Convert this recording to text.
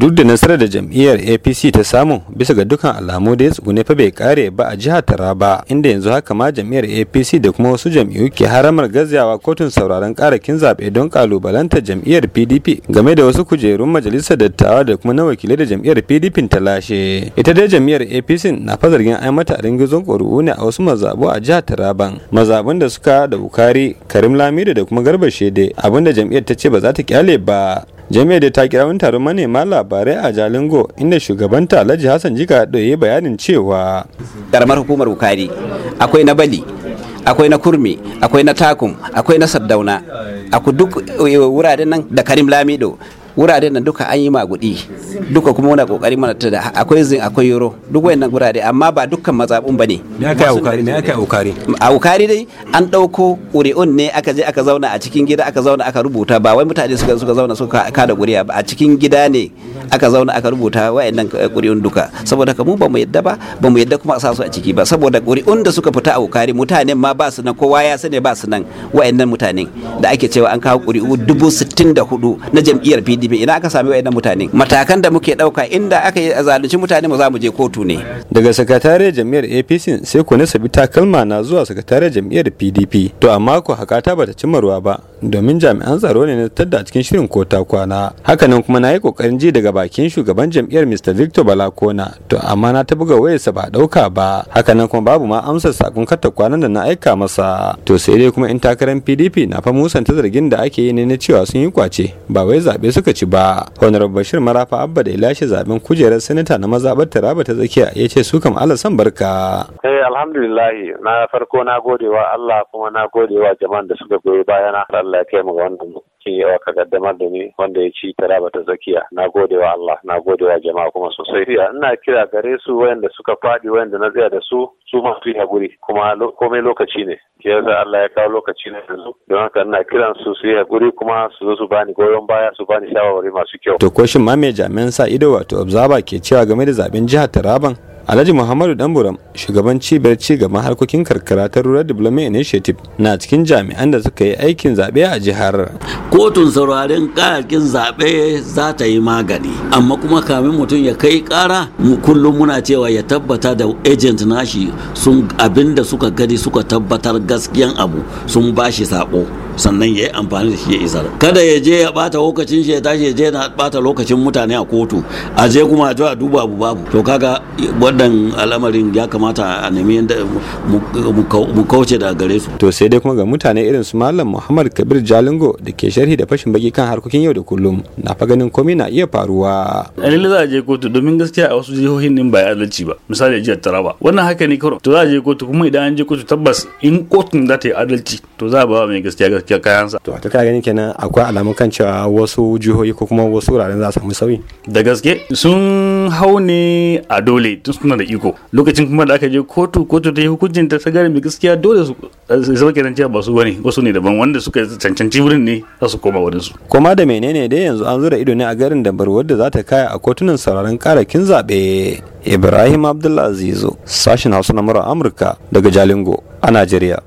duk da nasarar da jam'iyyar apc ta samu bisa ga dukkan alamu da ya tsugune fa bai kare ba a jihar taraba inda yanzu haka ma jam'iyyar apc da kuma wasu jam'iyyu ke haramar gazawa kotun sauraron karakin zaɓe don kalubalanta jam'iyyar pdp game da wasu kujerun majalisar dattawa da kuma na wakilai da jam'iyyar pdp ta lashe ita dai jam'iyyar apc na fa zargin ai mata ringizon ƙuri'u ne a wasu mazabu a jihar taraban mazabun da suka da bukari karim lamido da kuma garba shede abinda jam'iyyar ta ce ba za ta kyale ba jami'ar da ta kira wani taron manema labarai a jalingo inda shugabanta alhaji hassan jika ya bayanin cewa karamar hukumar bukari akwai na bali akwai na kurmi akwai na takum akwai na sardauna aku duk eh, wuraren nan da karim lamido wuraren nan duka an yi magudi duka kuma muna kokari mana ta da akwai zin akwai euro duk wayannan wurare amma ba dukkan mazabun bane me aka aukari me aka aukari a aukari dai an dauko ƙuri'un ne aka je aka zauna a cikin gida aka zauna aka rubuta ba wai mutane suka suka zauna suka kada ƙuri'a ba a cikin gida ne aka zauna aka rubuta wayannan eh, ƙuri'un duka saboda ka mu ba mu yadda ba ba mu yadda kuma a sa su a ciki ba saboda ƙuri'un da suka fita a aukari mutanen ma ba su nan kowa ya sani ba su nan wayannan mutanen da ake cewa an kawo ƙuri'u dubu sittin da hudu na jam'iyyar PDP wajibi ina aka sami wa'annan mutane matakan da muke dauka inda aka yi zalunci mutane mu za mu je kotu ne daga sakatare jam'iyyar APC sai ku na sabi takalma na zuwa sakatare jam'iyyar PDP to amma ku hakata bata cimarwa ba domin jami'an tsaro ne na tadda cikin shirin ko ta kwana hakanan kuma na yi kokarin ji daga bakin shugaban jam'iyyar mr victor balakona to amma na ta buga wayarsa ba dauka ba hakanan kuma babu ma amsar sakon karta kwanan da na aika masa to sai dai kuma in takarar pdp na fa musanta zargin da ake yi ne na cewa sun yi kwace ba wai zaɓe suka ci ba honorable bashir marafa abba da ilashi zaben kujerar sanata na mazabar taraba ta tsakiya ya ce su kam alasan barka eh, alhamdulillah na farko na gode wa allah kuma na gode wa jama'an da suka goyi bayana allah Allah ya kai mu ga wannan yawa ka gaddamar da ni wanda ya ci tara bata tsakiya na gode wa Allah na gode wa jama'a kuma sosai ina kira gare su wayanda suka fadi wayanda na tsaya da su su ma su yi kuma komai lokaci ne ke yasa Allah ya kawo lokaci ne yanzu don haka ina kiran su su yi hakuri kuma su zo su bani goyon baya su bani shawarwari masu kyau to ko shin ma mai jami'an sa ido wato observer ke cewa game da zaben jihar Taraban Alhaji Muhammadu Danburam shugaban cibiyar ci gaban harkokin karkara ta Rural Development Initiative na cikin jami'an da suka yi aikin zaɓe a jihar. Kotun sauraren kayakin zaɓe za ta yi magani amma kuma kamin mutum ya kai ƙara mu kullum muna cewa ya tabbata da agent nashi sun abin da suka gani suka tabbatar gaskiyan abu sun bashi sako. sannan ya yi amfani da shi ya isar kada ya je ya bata lokacin shi ya tashi ya je na bata lokacin mutane a kotu a je kuma a a duba abu babu to kaga wannan al'amarin ya kamata a nemi yadda mu kauce da gare su to sai dai kuma ga mutane irin su malam muhammad kabir jalingo da ke sharhi da fashin baki kan harkokin yau da kullum na fa ganin komai na iya faruwa lalle za a je kotu domin gaskiya a wasu jihohin din ba adalci ba misali jihar taraba wannan haka ne karo to za a je kotu kuma idan an je kotu tabbas in kotun za ta yi adalci to za a ba mai gaskiya kayan sa. To ta ganin kenan akwai alamun kan cewa wasu jihohi ko kuma wasu wuraren za su samu sauyi. Da gaske sun hau ne a dole tun suna da iko lokacin kuma da aka je kotu kotu ta yi hukuncin ta sagari mai gaskiya dole su sauke kenan cewa ba su bane wasu ne daban wanda suka cancanci wurin ne za su koma wurin su. Koma da menene dai yanzu an zura ido ne a garin Dambar wadda za ta kaya a kotunan sauraron karakin zaɓe. Ibrahim Abdullah Azizo, sashen Hausa na Amurka daga Jalingo a Najeriya.